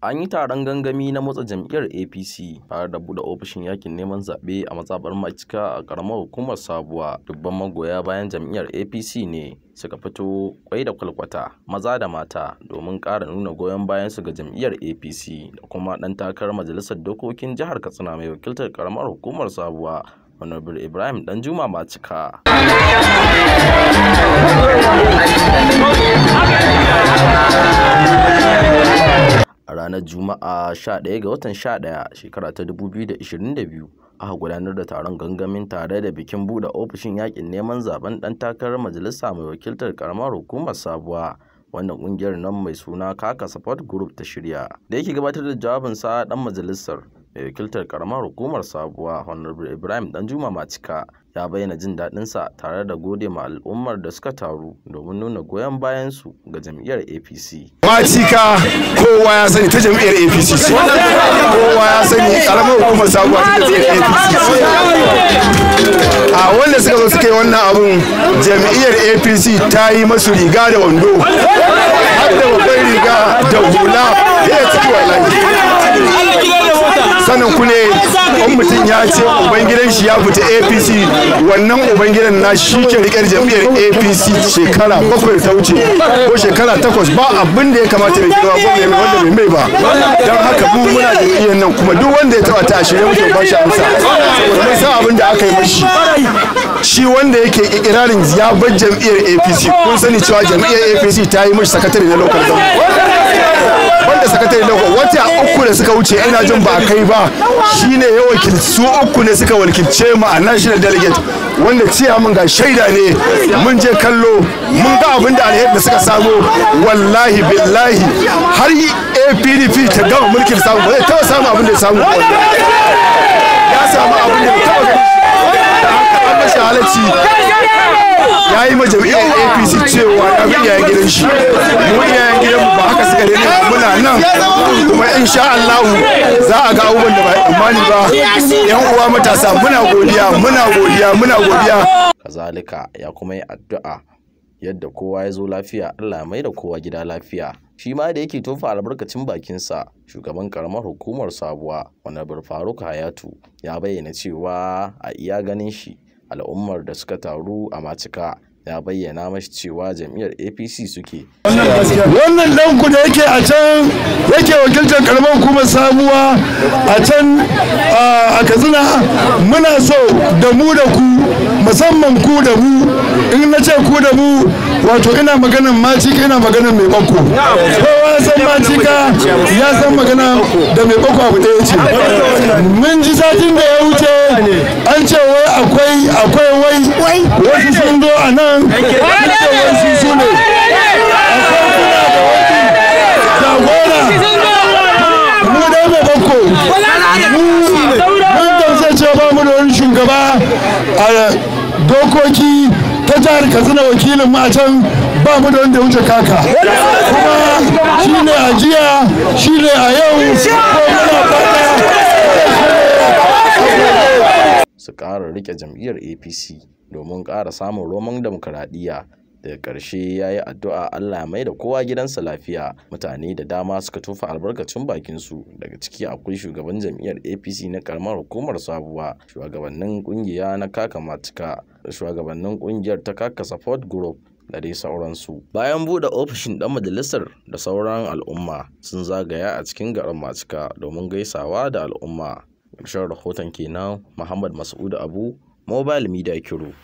An yi taron gangami na motsa jam'iyyar APC tare da buɗe ofishin yakin neman zaɓe a matsabar macika a ƙaramar hukumar sabuwa. Dubban magoya bayan jam'iyyar APC ne suka fito kwai da kwalkwata maza da mata domin ƙara nuna goyon bayan su ga jam'iyyar APC da kuma ɗan takarar majalisar dokokin jihar Katsina mai wakiltar ƙaramar hukumar sabuwa Honorable Ibrahim Danjuma Macika. ranar Juma'a 11 ga watan 11 shekara ta 2022 aka gudanar da taron gangamin tare da bikin buɗe ofishin yakin neman zaben ɗan takarar majalisa mai wakiltar karamar hukumar sabuwa wannan ƙungiyar nan mai suna kaka support group ta shirya da yake gabatar da jawabinsa ɗan majalisar mai wakiltar karamar hukumar sabuwa honorable ibrahim danjuma macika ya bayyana jin daɗinsa tare da gode ma al'ummar da suka taru domin nuna goyon bayansu ga jam'iyyar apc macika kowa ya sani ta jam'iyyar apc ce kowa ya sani karamar hukumar sabuwa ta jam'iyyar apc ce a wanda suka zo suka yi wannan abun jam'iyyar apc ta yi masu riga da wando har da babban riga da hula ya ciki wallahi sanin ku ne in mutum ya ce ubangidan shi ya fita apc wannan ubangidan na shi ke rikar jam'iyyar apc shekara bakwai ta wuce ko shekara takwas ba abin da ya kamata ya girma ko mai wanda mai mai ba don haka mu muna jam'iyyar nan kuma duk wanda ya taba ta a shirye muke ba shi amsa saboda mun san abin da aka yi mashi shi wanda yake ikirarin ya bar jam'iyyar apc kun sani cewa jam'iyyar apc ta yi mashi sakatare na local government wanda sakatare lagos wata uku da suka wuce ina jin ba kai ba shine ya wakilci su uku ne suka wakilce mu a national delegate wanda ciya mun ga shaida ne mun je kallo mun ga abin da alheri da suka samu wallahi billahi har yi apdp ta gama mulkin samu ba zai taba samu abin da ya samu ya samu abin da ya taba gani da halarci ya yi majami'ar apc cewa ya fi gidan shi mu gare ne muna nan kuma insha Allah za a ga abubuwan da ba imani ba yan uwa matasa muna godiya muna godiya muna godiya kazalika ya kuma yi addu'a yadda kowa ya zo lafiya Allah mai da kowa gida lafiya shi ma da yake tofa albarkacin bakin sa shugaban karamar hukumar sabuwa wani faruk hayatu ya bayyana cewa a iya ganin shi al'ummar da suka taru a macika ya bayyana mashi cewa jam'iyyar apc suke wannan dan ku da yake a can yake wakiltar karamar hukumar sabuwa a can a katsina muna so da mu da ku musamman ku da mu in na ce ku da mu wato ina magana macika ina maganan mai bako kowa san macika ya san magana da mai bako abu ɗaya ce mun ji satin da ya wuce an ce wai akwai akwai wasu sun zo a nan duka wasu su ne akwai kuna da mu mun ba mu da a dokoki ta jihar katsina wakilin mu a can ba mu da wanda wuce kaka kuma shi ne a jiya shi ne a yau ko su ƙara rike jam'iyyar apc domin ƙara samun roman demokuraɗiyya da ƙarshe ya yi addu'a Allah mai da kowa gidansa lafiya mutane da dama suka tofa albarkacin bakinsu daga ciki akwai shugaban jam'iyyar apc na karamar hukumar sabuwa shugabannin ƙungiya na kaka matuka shugabannin ƙungiyar ta kaka support group da dai sauransu bayan buɗe ofishin ɗan majalisar da sauran al'umma sun zagaya a cikin garin matuka domin gaisawa da al'umma rashin rahoton kenan muhammad mas'ud abu mobile media cure.